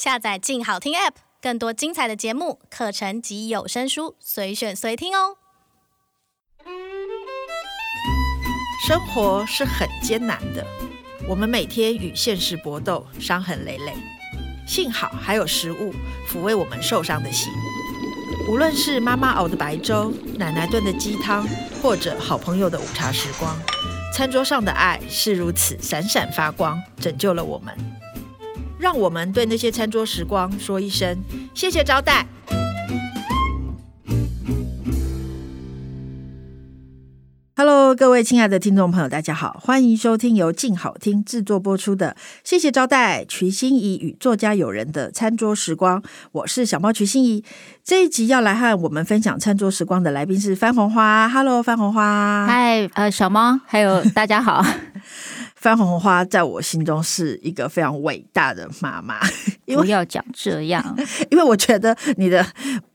下載“鏡好聽 ”App，更多精彩的節目、課程及有聲書，隨選隨聽哦。生活是很艱難的，我們每天與現實搏鬥，傷痕累累。幸好還有食物撫慰我們受傷的心，無論是媽媽熬的白粥、奶奶燉的雞湯，或者好朋友的午茶時光，餐桌上的愛是如此閃閃發光，拯救了我們。讓我們對那些餐桌時光說一聲謝謝招待。Hello，各位親愛的聽眾朋友，大家好，歡迎收聽由靜好聽制作播出的《謝謝招待》瞿欣怡與作家友人的餐桌時光。我是小貓瞿欣怡，這一集要來和我們分享餐桌時光的來賓是番紅花。Hello，番紅花。嗨，呃，小貓，還有大家好。 番紅花在我心中是一個非常偉大的媽媽，因為不要講這樣，因為我覺得你的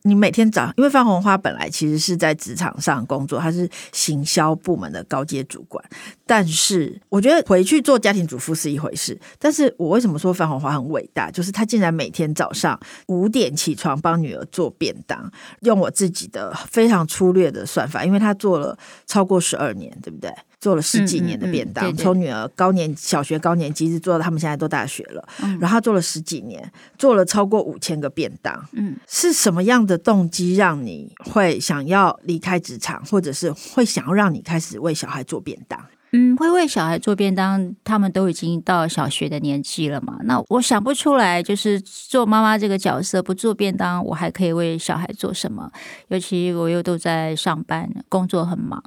你每天早，因為番紅花本來其實是在職場上工作，她是行銷部門的高階主管，但是我覺得回去做家庭主婦是一回事，但是我為什麼說番紅花很偉大，就是她竟然每天早上五點起床幫女兒做便當，用我自己的非常粗略的算法，因為她做了超過十二年，對不對？做了十幾年的便當，嗯嗯、對對，從女兒高年小學高年級一直做到他們現在都大學了。嗯、然後他做了十幾年，做了超過五千個便當。嗯，是什麼樣的動機讓你會想要離開職場，或者是會想要讓你開始為小孩做便當？嗯，會為小孩做便當，他們都已經到了小學的年紀了嘛。那我想不出來，就是做媽媽這個角色不做便當，我還可以為小孩做什麼？尤其我又都在上班，工作很忙。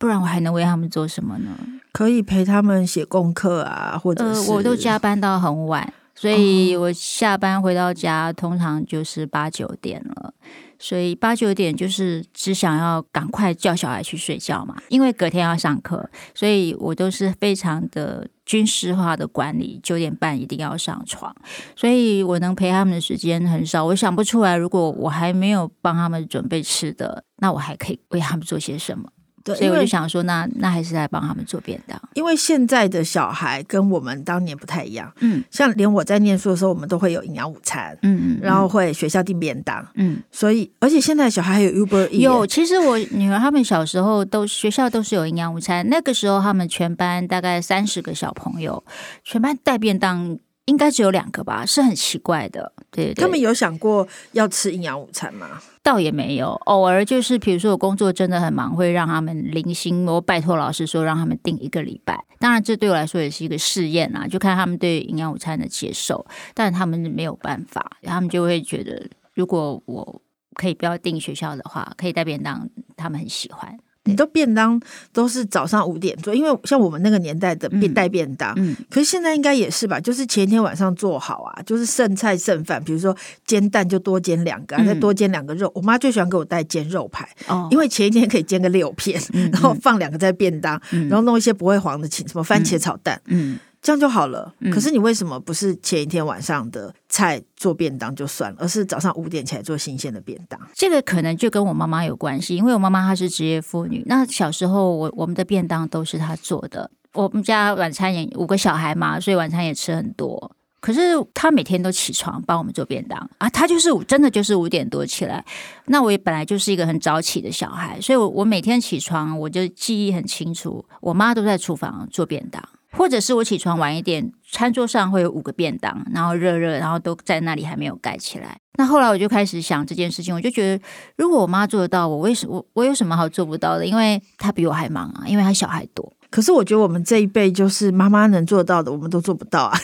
不然我還能為他們做什麼呢？可以陪他們寫功課啊，或者是、呃、我都加班到很晚，所以我下班回到家通常就是八九點了。所以八九點就是只想要趕快叫小孩去睡覺嘛，因為隔天要上課，所以我都是非常的軍事化的管理，九點半一定要上床。所以我能陪他們的時間很少，我想不出來，如果我還沒有幫他們準備吃的，那我還可以為他們做些什麼？所以我就想說，那那還是來幫他們做便當。因為現在的小孩跟我們當年不太一樣。嗯，像連我在念書的時候，我們都會有營養午餐。嗯，嗯嗯，然後會學校訂便當。嗯，所以而且現在小孩還有 Uber 有。其實我女兒他們小時候都學校都是有營養午餐。那個時候他們全班大概三十個小朋友，全班帶便當。應該只有兩個吧，是很奇怪的。對，對，對，他們有想過要吃營養午餐嗎？倒也沒有，偶爾就是，比如說我工作真的很忙，會讓他們零星，我拜托老師說，讓他們訂一個禮拜。當然，這對我來說也是一個試驗啊，就看他們對營養午餐的接受。但他們沒有辦法，他們就會覺得，如果我可以不要訂學校的話，可以帶便當，他們很喜歡。你都便當都是早上五點做？因為像我們那個年代的便帶便當，嗯嗯，可是現在應該也是吧？就是前一天晚上做好啊，就是剩菜剩飯，比如說煎蛋就多煎兩個，再多煎兩個肉。嗯、我媽最喜歡給我帶煎肉排。哦，因為前一天可以煎個六片，然後放兩個在便當，然後弄一些不會黃的，請什麼番茄炒蛋，嗯。嗯嗯這樣就好了。可是你為什麼不是前一天晚上的菜做便當就算了，而是早上五點起來做新鮮的便當？這個可能就跟我媽媽有關係，因為我媽媽她是職業婦女。那小時候我，我我們的便當都是她做的。我們家晚餐也五個小孩嘛，所以晚餐也吃很多。可是她每天都起床幫我們做便當啊，她就是真的就是五點多起來。那我也本來就是一個很早起的小孩，所以我我每天起床，我就記憶很清楚，我媽都在廚房做便當。或者是我起床晚一點，餐桌上會有五個便當，然後熱熱，然後都在那裡還沒有蓋起來。那後來我就開始想這件事情，我就覺得，如果我媽做得到，我為什麼我，我有什麼好做不到的？因為她比我還忙啊，因為她小孩多。可是我覺得我們這一輩就是媽媽能做到的，我們都做不到啊。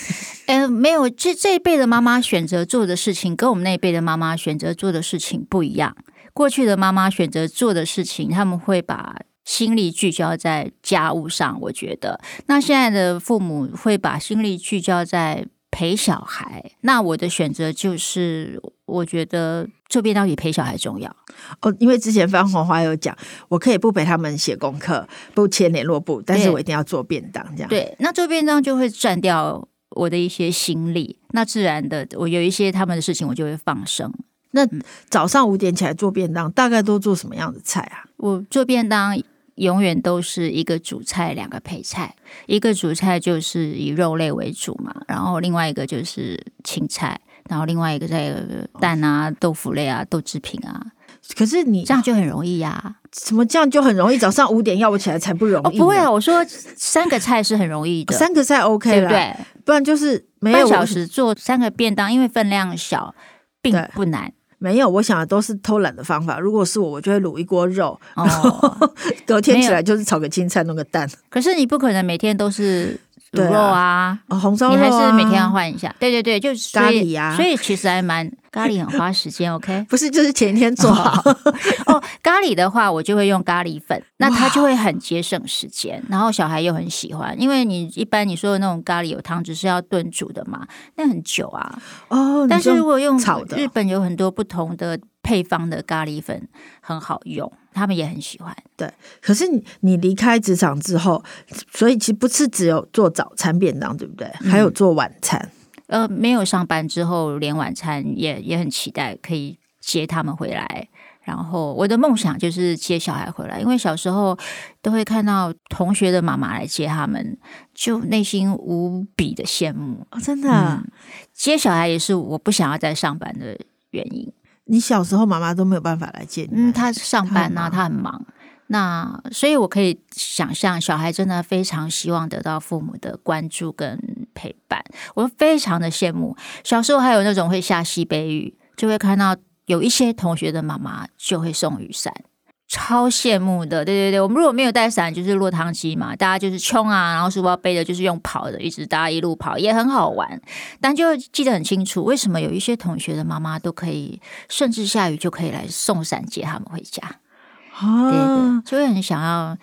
嗯、 欸、沒有，這這一輩的媽媽選擇做的事情跟我們那一輩的媽媽選擇做的事情不一樣。過去的媽媽選擇做的事情，她們會把。心力聚焦在家務上，我覺得，那現在的父母會把心力聚焦在陪小孩。那我的選擇就是，我覺得做便當比陪小孩重要哦。因為之前番紅花有講，我可以不陪他們寫功課，不簽聯絡簿，但是我一定要做便當。這樣對，那做便當就會占掉我的一些心力，那自然的我有一些他們的事情，我就會放生。嗯、那早上五點起來做便當，大概都做什麼樣的菜啊？我做便當，永遠都是一個主菜，兩個配菜。一個主菜就是以肉類為主嘛，然後另外一個就是青菜，然後另外一個再有蛋啊、哦、豆腐類啊、豆製品啊。可是你這樣就很容易呀、啊？怎麼這樣就很容易？早上五點要不起來才不容易、 哦。不會啊，我說三個菜是很容易的， 哦、三個菜 OK 了， 對不對？不然就是沒有半小時做三個便當，因為分量小，並不難。沒有，我想的都是偷懶的方法。如果是我，我就會滷一鍋肉，哦，然後隔天起來就是炒個青菜，弄個蛋。可是你不可能每天都是。啊哦、紅燒肉啊，紅燒肉，你還是每天要換一下。哦啊、對對對，就是咖喱啊，所以其實還蠻咖喱很花時間，OK？不是，就是前一天做好。哦，哦咖喱的話，我就會用咖喱粉，那它就會很節省時間，然後小孩又很喜歡。因為你一般你說的那種咖喱有湯汁是要燉煮的嘛，那很久啊。哦，但是如果用日本有很多不同的配方的咖喱粉，很好用。他們也很喜歡，對。可是你你離開職場之後，所以其實不是只有做早餐便當，對不對？嗯，還有做晚餐。呃，沒有上班之後，連晚餐也也很期待可以接他們回來。然後我的夢想就是接小孩回來，因為小時候都會看到同學的媽媽來接他們，就內心無比的羨慕。哦，真的啊？嗯，接小孩也是我不想要再上班的原因。你小時候，媽媽都沒有辦法來接你。嗯，她上班啊，她很，很忙。那所以，我可以想象，小孩真的非常希望得到父母的關注跟陪伴。我非常的羨慕。小時候還有那種會下西北雨，就會看到有一些同學的媽媽就會送雨傘。超羨慕的，對對對，我們如果沒有帶傘，就是落湯雞嘛。大家就是衝啊，然後書包背着就是用跑的，一直大家一路跑也很好玩。但就記得很清楚，為什麼有一些同學的媽媽都可以，甚至下雨就可以來送傘接他們回家，對對對，所以就很想要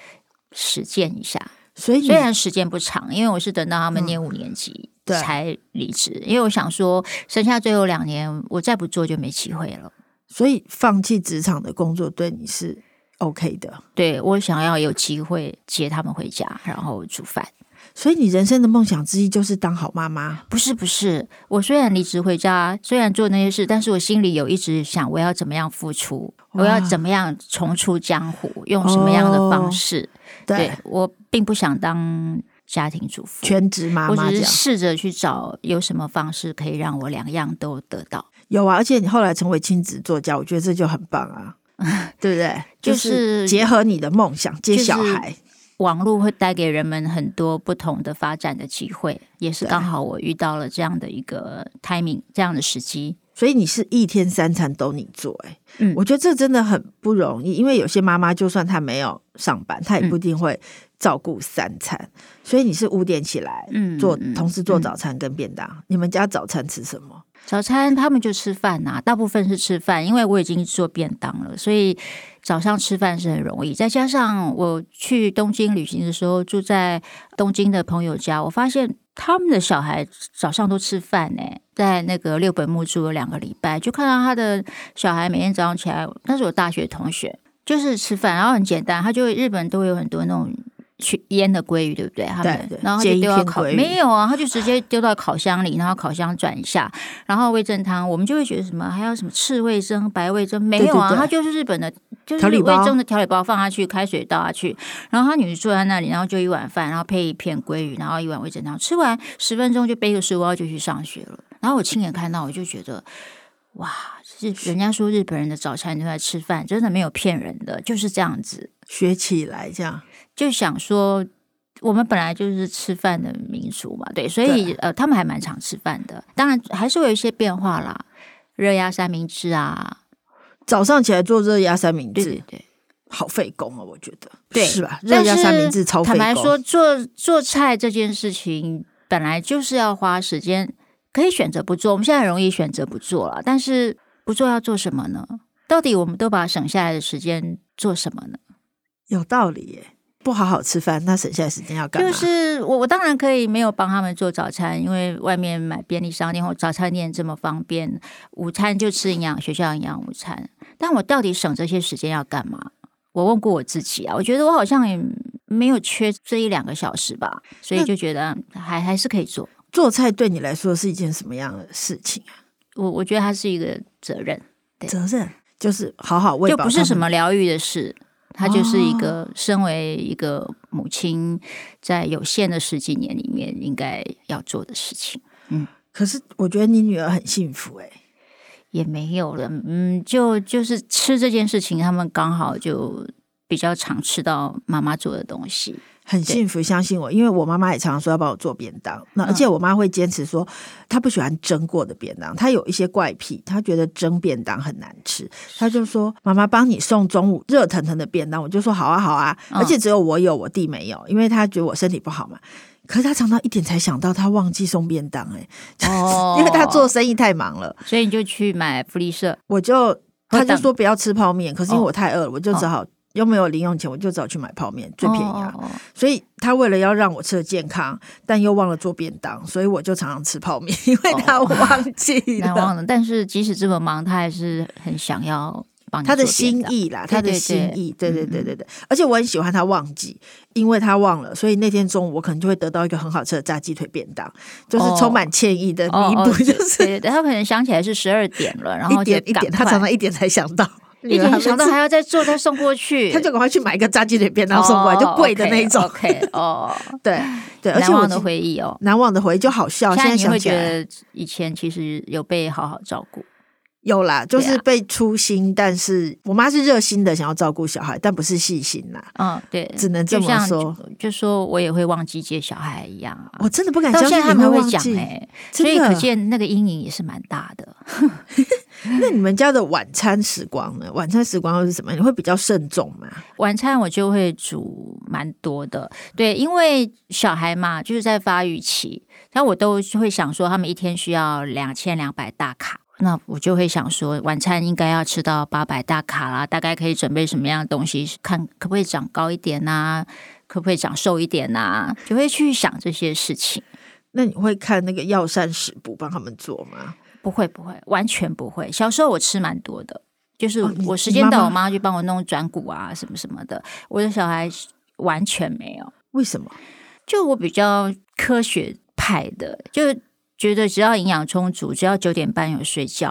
實踐一下。所以雖然時間不長，因為我是等到他們念五年級、嗯、對才離職，因為我想說剩下最後兩年我再不做就沒機會了。所以放棄職場的工作對你是？OK 的，對我想要有機會接他們回家，然後煮飯。所以你人生的夢想之一就是當好媽媽？不是，不是。我雖然離職回家，雖然做那些事，但是我心裡有一直想，我要怎麼樣付出，我要怎麼樣重出江湖，用什麼樣的方式？哦、對，對我並不想當家庭主婦，全職媽媽，我只是試着去找有什麼方式可以讓我兩樣都得到。有啊，而且你後來成為親子作家，我覺得這就很棒啊。對不對、就是？就是結合你的夢想，接小孩。就是、網絡會帶給人們很多不同的發展的機會，也是剛好我遇到了這樣的一個 timing，這樣的時機。所以你是一天三餐都你做、欸，哎，嗯，我覺得這真的很不容易，因為有些媽媽就算她沒有上班，她也不一定會照顧三餐。嗯、所以你是五點起來，嗯，做同時做早餐跟便當、嗯。你們家早餐吃什麼？早餐他們就吃飯吶、啊，大部分是吃飯，因為我已經做便當了，所以早上吃飯是很容易。再加上我去東京旅行的時候，住在東京的朋友家，我發現他們的小孩早上都吃飯呢、欸。在那個六本木住了兩個禮拜，就看到他的小孩每天早上起來，那是我大學同學，就是吃飯，然後很簡單，他就日本都會有很多那種。去醃的鮭魚，對不對？他們對,對。然後就丟到烤沒有啊？他就直接丟到烤箱裡，然後烤箱轉一下，然後味噌湯。我們就會覺得什麼還有什麼赤味噌、白味噌？沒有啊對對對，他就是日本的，就是味噌的調理包放下去，開水倒下去，然後他女兒坐在那裡，然後就一碗飯，然後配一片鮭魚，然後一碗味噌湯。吃完十分鐘就背個書包就去上學了。然後我親眼看到，我就覺得哇，這是人家說日本人的早餐都在吃飯，真的沒有騙人的，就是這樣子學起來這樣。就想說，我們本來就是吃飯的民族嘛，對，所以呃，他們還蠻常吃飯的。當然還是會有一些變化啦，熱壓三明治啊，早上起來做熱壓三明治，對、對、對，好費工啊，我覺得，對，是吧？是熱壓三明治超費功。坦白說，做做菜這件事情本來就是要花時間，可以選擇不做，我們現在很容易選擇不做了。但是不做要做什麼呢？到底我們都把省下來的時間做什麼呢？有道理耶。不好好吃飯，那省下時間要幹嘛？就是我，我當然可以沒有幫他們做早餐，因為外面買便利商店或早餐店這麼方便。午餐就吃營養學校營養午餐，但我到底省這些時間要幹嘛？我問過我自己啊，我覺得我好像也沒有缺這一兩個小時吧，所以就覺得還還是可以做。做菜對你來說是一件什麼樣的事情啊？我我覺得它是一個責任，對，責任，就是好好餵飽他們。就不是什麼療癒的事。她就是一個身為一個母親，在有限的十幾年裡面應該要做的事情。嗯，可是我覺得你女兒很幸福誒、欸，也沒有了。嗯，就就是吃這件事情，他們剛好就比較常吃到媽媽做的東西。很幸福，相信我，因為我媽媽也常常說要幫我做便當，嗯。那而且我媽會堅持說，她不喜歡蒸過的便當。她有一些怪癖，她覺得蒸便當很難吃。她就說：“媽媽幫你送中午熱騰騰的便當。”我就說：“啊，好啊，好啊。”而且只有我有，我弟沒有，因為他覺得我身體不好嘛。可是他常常一點才想到他忘記送便當，欸，哎，哦、 因為他做生意太忙了，所以你就去買福利社。我就他就說不要吃泡麵，可是因為我太餓了，哦，我就只好。又沒有零用錢，我就只好去買泡麵，最便宜了、哦。所以他為了要讓我吃得健康，但又忘了做便當，所以我就常常吃泡麵，因為他忘記了。哦、忘了，但是即使這麼忙，他還是很想要幫你。他的心意啦，對對對，他的心意，對對對、嗯、對對對。而且我很喜歡他忘記，因為他忘了，所以那天中午我可能就會得到一個很好吃的炸雞腿便當，哦、就是充滿歉意的彌補、哦哦對對對。就是對對對，他可能想起來是十二點了，然後一點一點，他常常一點才想到。一點想到還要再做再送過去， 他就趕快去買個炸雞腿便當送過來，oh, okay, 就貴的那一種。OK，哦、oh, 對對，難忘的回憶哦，難忘的回憶就好笑。現在你會覺得以前其實有被好好照顧？有啦，就是被粗心、啊，但是我媽是熱心的，想要照顧小孩，但不是細心啦。嗯，對，只能這麼說，就，就，就說我也會忘記接小孩一樣啊，我真的不敢相信你會忘記、欸，所以可見那個陰影也是蠻大的。 那你們家的晚餐時光呢？晚餐時光又是什麼？你會比較慎重嗎？晚餐我就會煮蠻多的，對，因為小孩嘛，就是在發育期，但我都會想說，他們一天需要兩千兩百大卡，那我就會想說，晚餐應該要吃到八百大卡啦，大概可以準備什麼樣的東西，看可不可以長高一點啊，可不可以長瘦一點啊，就會去想這些事情。那你會看那個藥膳食補幫他們做嗎？不會不會，完全不會。小時候我吃蠻多的，就是我時間到，我媽就幫我弄轉骨啊什麼什麼的。我的小孩完全沒有，為什麼？就我比較科學派的，就覺得只要營養充足，只要九點半有睡覺，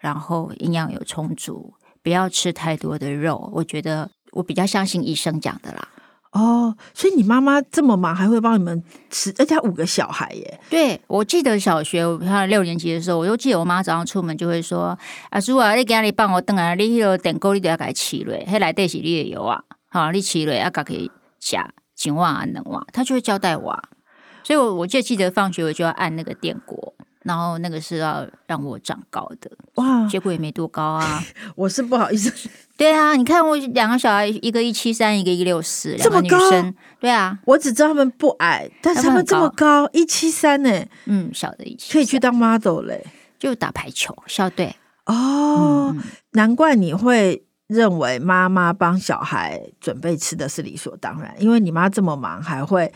然後營養有充足，不要吃太多的肉。我覺得我比較相信醫生講的啦。哦，所以你媽媽這麼忙，還會幫你們吃？而且有五個小孩耶。對，我記得小學，我上六年級的時候，我就記得我媽早上出門就會說：“阿叔啊，你今天你幫我燉啊，你有電鍋你就要改起了迄來得是你的油、嗯、你啊，好，你起了要改去情況啊能哇？”他就會交代我，所以我我就記得放學我就要按那個電鍋。然後那個是要讓我長高的，哇！結果也沒多高啊。 我是不好意思。對啊，你看我兩個小孩，一個一七三，一個一六四，這麼高。對啊，我只知道他們不矮，但是他們這麼高，一七三呢。嗯，小的一七。可以去當 model 嘞，就打排球，校隊。哦、嗯，難怪你會認為媽媽幫小孩準備吃的是理所當然，因為你媽這麼忙還會。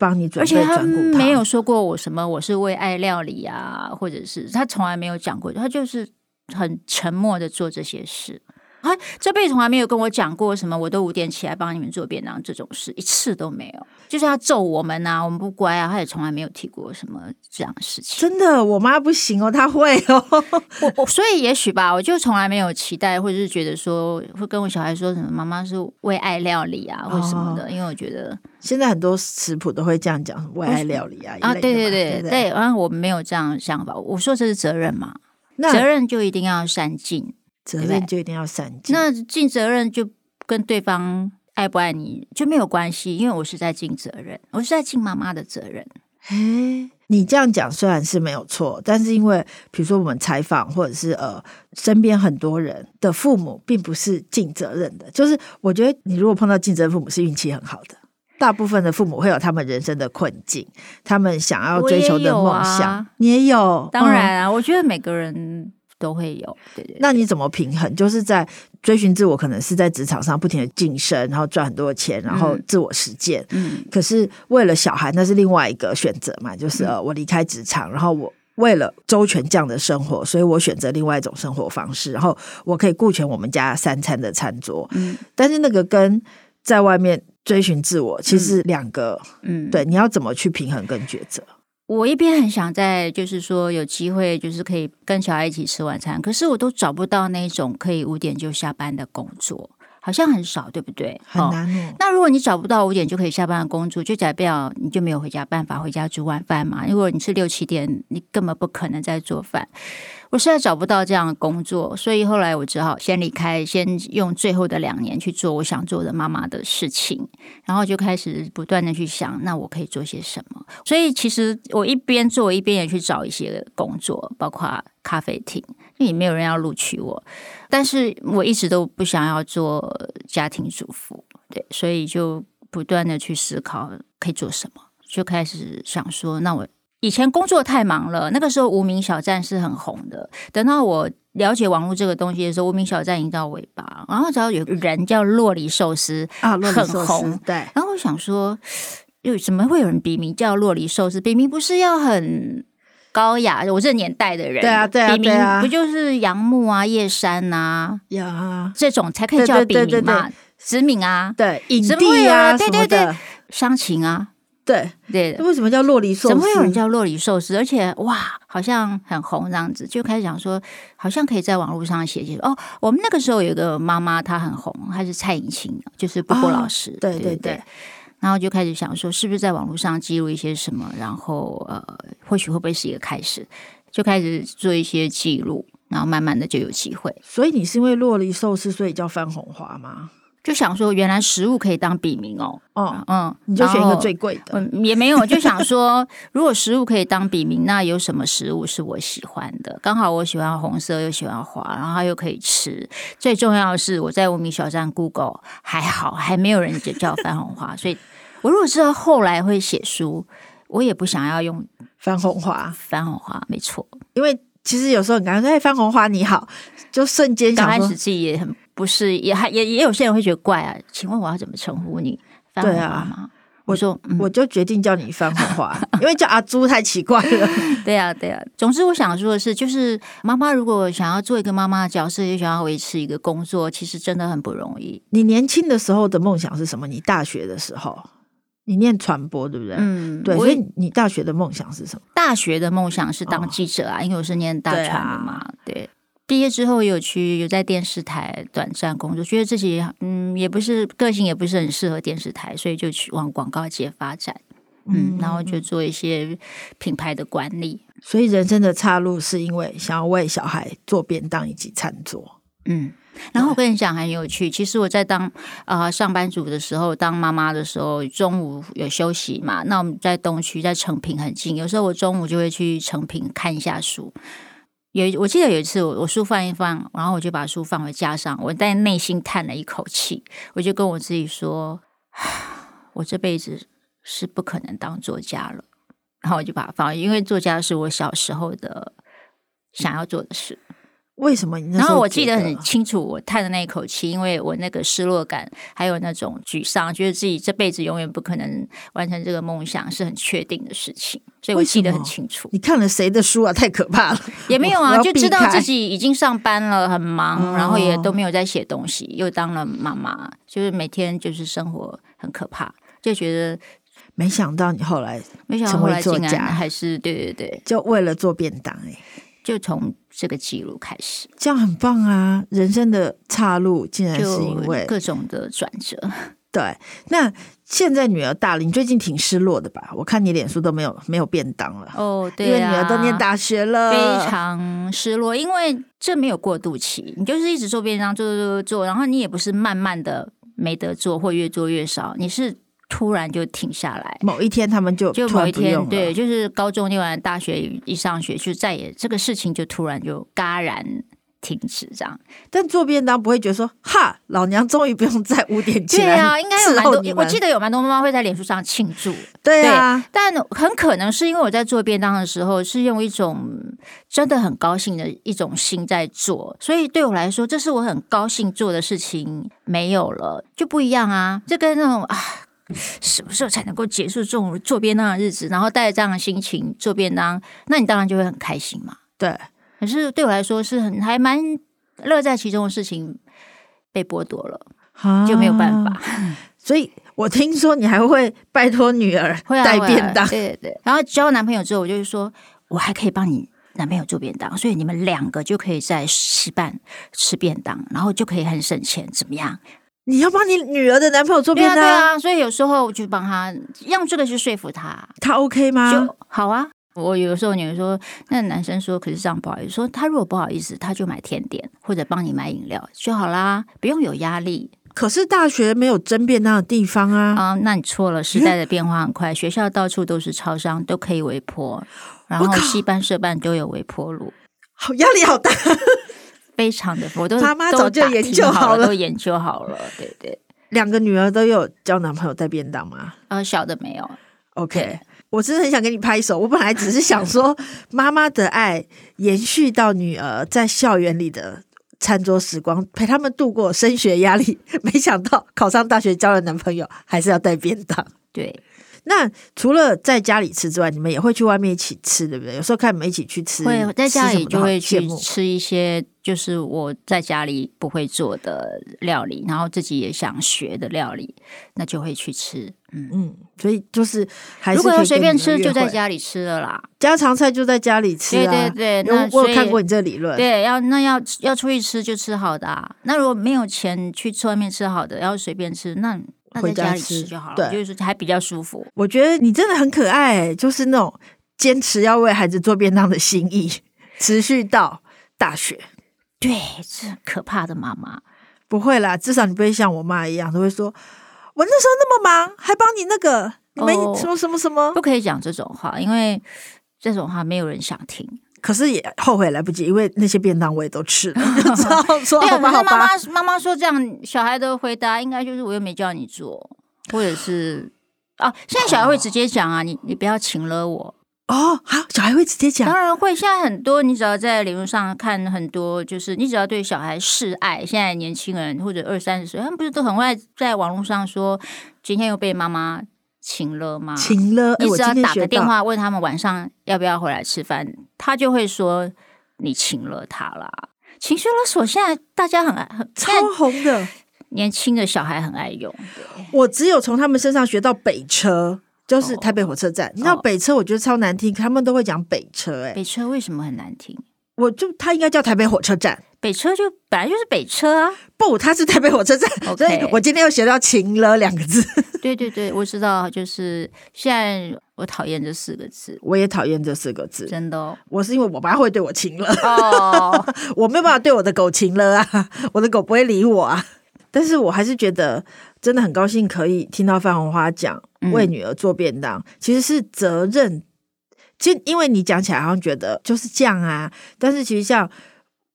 幫你轉，而且他沒有說過我什麼，我是為愛料理啊，或者是他從來沒有講過，他就是很沉默的做這些事。啊，這輩子從來沒有跟我講過什麼，我都五點起來幫你們做便當這種事一次都沒有。就是他揍我們啊，我們不乖啊，他也從來沒有提過什麼這樣的事情。真的，我媽不行哦，她會哦。 我我所以也許吧，我就從來沒有期待或者是覺得說會跟我小孩說什麼媽媽是為愛料理啊、哦、或什麼的，因為我覺得現在很多食譜都會這樣講為愛料理啊啊,的啊對對對對，然後、啊、我沒有這樣的想法。我說這是責任嘛，那責任就一定要善盡。責任就一定要散盡，那盡責任就跟對方愛不愛你就沒有關係，因為我是在盡責任，我是在盡媽媽的責任。哎，你這樣講雖然是沒有錯，但是因為比如說我們採訪或者是呃身邊很多人的父母，並不是盡責任的。就是我覺得你如果碰到盡責任父母是運氣很好的，大部分的父母會有他們人生的困境，他們想要追求的夢想，我也有啊、你也有。當然啊，嗯、我覺得每個人。都會有，對，對對。那你怎麼平衡？就是在追尋自我，可能是在職場上不停地晉升，然後賺很多錢，然後自我實踐。嗯，嗯。可是為了小孩，那是另外一個選擇嘛？就是我離開職場，嗯，然後我為了周全這樣的生活，所以我選擇另外一種生活方式，然後我可以顧全我們家三餐的餐桌。嗯，但是那個跟在外面追尋自我，其實兩個，嗯，嗯對，你要怎麼去平衡跟抉擇？我一邊很想在，就是說有機會，就是可以跟小孩一起吃晚餐，可是我都找不到那種可以五點就下班的工作。好像很少，對不對？好，哦哦，那如果你找不到五點就可以下班的工作，就代表你就沒有回家辦法，回家煮晚飯嘛。如果你是六七點，你根本不可能再做飯。我實在找不到這樣的工作，所以後來我只好先離開，先用最後的兩年去做我想做我的媽媽的事情，然後就開始不斷的去想，那我可以做些什麼。所以其實我一邊做，一邊也去找一些工作，包括。咖啡廳，因為也沒有人要錄取我，但是我一直都不想要做家庭主婦，對，所以就不斷的去思考可以做什麼，就開始想說，那我以前工作太忙了，那個時候無名小站是很紅的，等到我了解網絡這個東西的時候，無名小站已經到尾巴，然後只要有人叫酪梨壽司啊，很紅，對，然後我想說，又怎麼會有人筆名叫酪梨壽司，筆名不是要很？高雅，我這年代的人，對啊，對啊，筆名啊啊對啊，不就是楊牧啊、葉珊吶，呀這種才可以叫筆名嘛？子敏啊，啊，對，隱地啊，啊，對對對，商情啊，對對，為什麼叫落里壽司？怎麼會有人叫落里壽司？而且哇，好像很紅這樣子，就開始講說，好像可以在網絡上寫寫哦，我們那個時候有一個媽媽，她很紅，她是蔡穎卿，就是波波老師、啊，對對對。對對然後就開始想說，是不是在網絡上記錄一些什麼，然後呃，或許會不會是一個開始？就開始做一些記錄，然後慢慢的就有機會。所以你是因為酪梨壽司所以叫番紅花嗎？就想說，原來食物可以當筆名哦。哦，嗯，你就選一個最貴的，嗯，也沒有，就想說，如果食物可以當筆名，那有什麼食物是我喜歡的？剛 好我喜歡紅色，又喜歡花，然後又可以吃。最重要的是，我在無名小站 Google 還好，還沒有人叫叫番紅花，所以。我如果知道後來會寫書，我也不想要用番紅花。番紅花沒錯，因為其實有時候你剛剛說“哎、欸，番紅花你好”，就瞬間剛開始自己也很不適應，也也也有些人會覺得怪啊。請問我要怎麼稱呼你番紅花？對啊，媽媽，我說、嗯、我就決定叫你番紅花， 因為叫阿朱太奇怪了 對、啊。對啊，對啊。總之，我想說的是，就是媽媽如果想要做一個媽媽的角色，又想要維持一個工作，其實真的很不容易。你年輕的時候的夢想是什麼？你大學的時候？你念傳播對不對？嗯，對。所以你大學的夢想是什麼？大學的夢想是當記者啊，哦、因為我是念大傳的嘛，對、啊。對，畢業之後有去、有在電視台短暫工作，覺得自己嗯也不是個性也不是很適合電視台，所以就去往廣告界發展嗯。嗯，然後就做一些品牌的管理。所以人生的岔路是因為想要為小孩做便當以及餐桌。嗯。然後我跟你講，很有趣。其實我在當啊、呃、上班族的時候，當媽媽的時候，中午有休息嘛？那我們在東區，在誠品很近。有時候我中午就會去誠品看一下書。有我記得有一次我，我我書放一放，然後我就把書放回架上。我在內心嘆了一口氣，我就跟我自己說：“我這輩子是不可能當作家了。”然後我就把它放，因為作家是我小時候的、嗯、想要做的事。為什麼？然後我記得很清楚，我嘆的那一口氣，因為我那個失落感，還有那種沮喪，覺得自己這輩子永遠不可能完成這個夢想，是很確定的事情，所以我記得很清楚。你看了誰的書啊？太可怕了！也沒有啊，就知道自己已經上班了，很忙，哦、然後也都沒有在寫東西，又當了媽媽，就是每天就是生活很可怕，就覺得沒想到你後來成為作家，沒想到後來竟然還是對，對對對，就為了做便當哎、欸。就從這個記錄開始，這樣很棒啊！人生的岔路，竟然是因為各種的轉折。對，那現在女兒大了，你最近挺失落的吧？我看你臉書都沒有沒有便當了。哦，oh，對啊，因為女兒都念大學了，非常失落，因為這沒有過渡期，你就是一直做便當，做做做做，然後你也不是慢慢的沒得做，或越做越少，你是。突然就停下來。某一天他們就就某一天對，就是高中念完，大學一上學就再也這個事情就突然就戛然停止這樣。但做便當不會覺得說哈，老娘終於不用再五點了對啊，應該有蠻多。我記得有蠻多媽媽會在臉書上慶祝。對啊，對，但很可能是因為我在做便當的時候是用一種真的很高興的一種心在做，所以對我來說，這是我很高興做的事情，沒有了就不一樣啊，這跟那種啊。什麼時候才能夠結束這種做便當的日子？然後帶着這樣的心情做便當，那你當然就會很開心嘛。對，可是對我來說是很還蠻樂在其中的事情，被剝奪了、啊，就沒有辦法。所以我聽說你還會拜托女兒帶便當，啊、便當對，對對。然後交男朋友之後，我就會說我還可以幫你男朋友做便當，所以你們兩個就可以在系辦、吃便當，然後就可以很省錢，怎麼樣？你要幫你女兒的男朋友做便當？啊？對啊，啊、所以有時候我就幫他用這個去說服他。他 OK 嗎？就好啊，我有時候女兒說，那男生說，可是這樣不好意思。說他如果不好意思，他就買甜點或者，幫你買飲料就好啦，不用有壓力。可是大學沒有蒸便當那個地方啊。嗯！啊，那你錯了。時代的變化很快，嗯，學校到處都是超商，都可以微波，然後系辦、社辦都有微波爐，好壓力好大。 非常的，我都媽媽早就都研究好了，都研究好了。對不對，兩個女兒都有交男朋友帶便當嗎？嗯，小的沒有。OK，我真的很想給你拍手。我本來只是想說， 媽媽的愛延續到女兒在校園裡的餐桌時光，陪他們度過升學壓力。沒想到考上大學交了男朋友，還是要帶便當。對。那除了在家裡吃之外，你們也會去外面一起吃，對不對？有時候看你們一起去吃，會在家裡就會去吃一些，就是我在家裡不會做的料理，然後自己也想學的料理，那就會去吃。嗯嗯，所以就是，還是，如果要隨便吃，就在家裡吃了啦。家常菜就在家裡吃啊，對對對。有那我我看過你這理論，對，要那要那要，要出去吃就吃好的啊。那如果沒有錢去吃外面吃好的，要隨便吃那。回那在家裡吃就好了，就是還比較舒服。我覺得你真的很可愛，欸，就是那種堅持要為孩子做便當的心意，持續到大學。 對，是可怕的媽媽。不會啦，至少你不會像我媽一樣，都會說我那時候那麼忙，還幫你那個你沒什麼什麼什麼，哦，不可以講這種話，因為這種話沒有人想聽。可是也後悔來不及，因為那些便當我也都吃了。 好吧好吧 對，然後媽媽 媽媽說這樣，小孩的回答應該就是我又沒叫你做，或者是啊，現在小孩會直接講啊，哦、你你不要請了我哦。好、啊，小孩會直接講，當然會。現在很多你只要在網路上看很多，就是你只要對小孩示愛，現在年輕人或者二三十歲，他們不是都很會在網絡上說今天又被媽媽請了嗎？請了，你只要打個電話問他們晚上要不要回來吃飯。他就會說你情勒他啦，情緒勒索現在大家很愛很超紅的，年輕的小孩很愛用。我只有從他們身上學到北車，就是台北火車站。你知道北車我覺得超難聽，他們都會講北車、欸，哎，北車為什麼很難聽？我就，他應該叫台北火車站。北車就本來就是北車啊，不，它是台北火車站。Okay. 所以我今天又學到“情勒”兩個字。對對對，我知道，就是現在我討厭這四個字，我也討厭這四個字，真的、哦。我是因為我媽會對我情勒，oh. 我沒有辦法對我的狗情勒啊，我的狗不會理我啊。但是我還是覺得真的很高興，可以聽到番紅花講為女兒做便當，嗯、其實是責任。其實因為你講起來好像覺得就是這樣啊，但是其實像。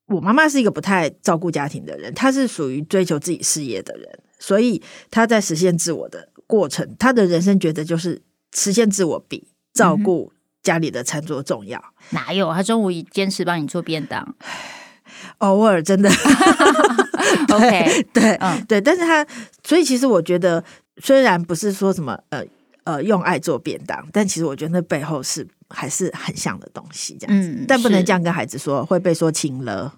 我媽媽是一個不太照顧家庭的人，她是屬於追求自己事業的人，所以她在實現自我的過程，她的人生覺得就是實現自我比照顧家裡的餐桌重要。哪有？她中午也堅持幫你做便當， 偶爾真的 對。 OK，對對、嗯，但是她，所以其實我覺得，雖然不是說什麼呃。呃，用愛做便當，但其實我覺得那背後是還是很像的東西，這樣子，嗯。但不能這樣跟孩子說，會被說情了。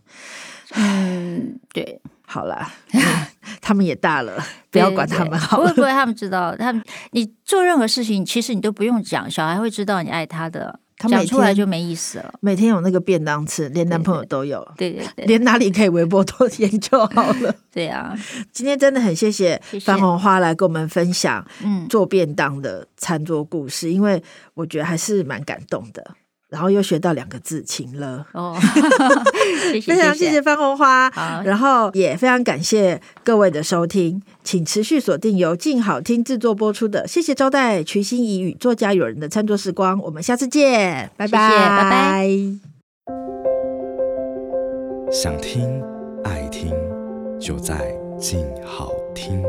嗯，對。好啦，嗯，他們也大了，不要管他們好了。不會不會，他們知道。他們，你做任何事情，其實你都不用講，小孩會知道你愛他的。他講出來就沒意思了。每天有那個便當吃，連男朋友都有，對對，對， 連哪裡可以微波多研就好了。 對呀、啊， 今天真的很謝謝番紅花來跟我們分享，做便當的餐桌故事、嗯，因為我覺得還是蠻感動的。然後又學到兩個字“情”了哦，謝謝 非常謝謝番紅花，然後也非常感謝各位的收聽，請持續鎖定由靜好聽制作播出的，謝謝招待徐心怡與作家友人的餐桌時光，我們下次見，謝謝拜拜謝謝，拜拜。想聽愛聽，就在靜好聽。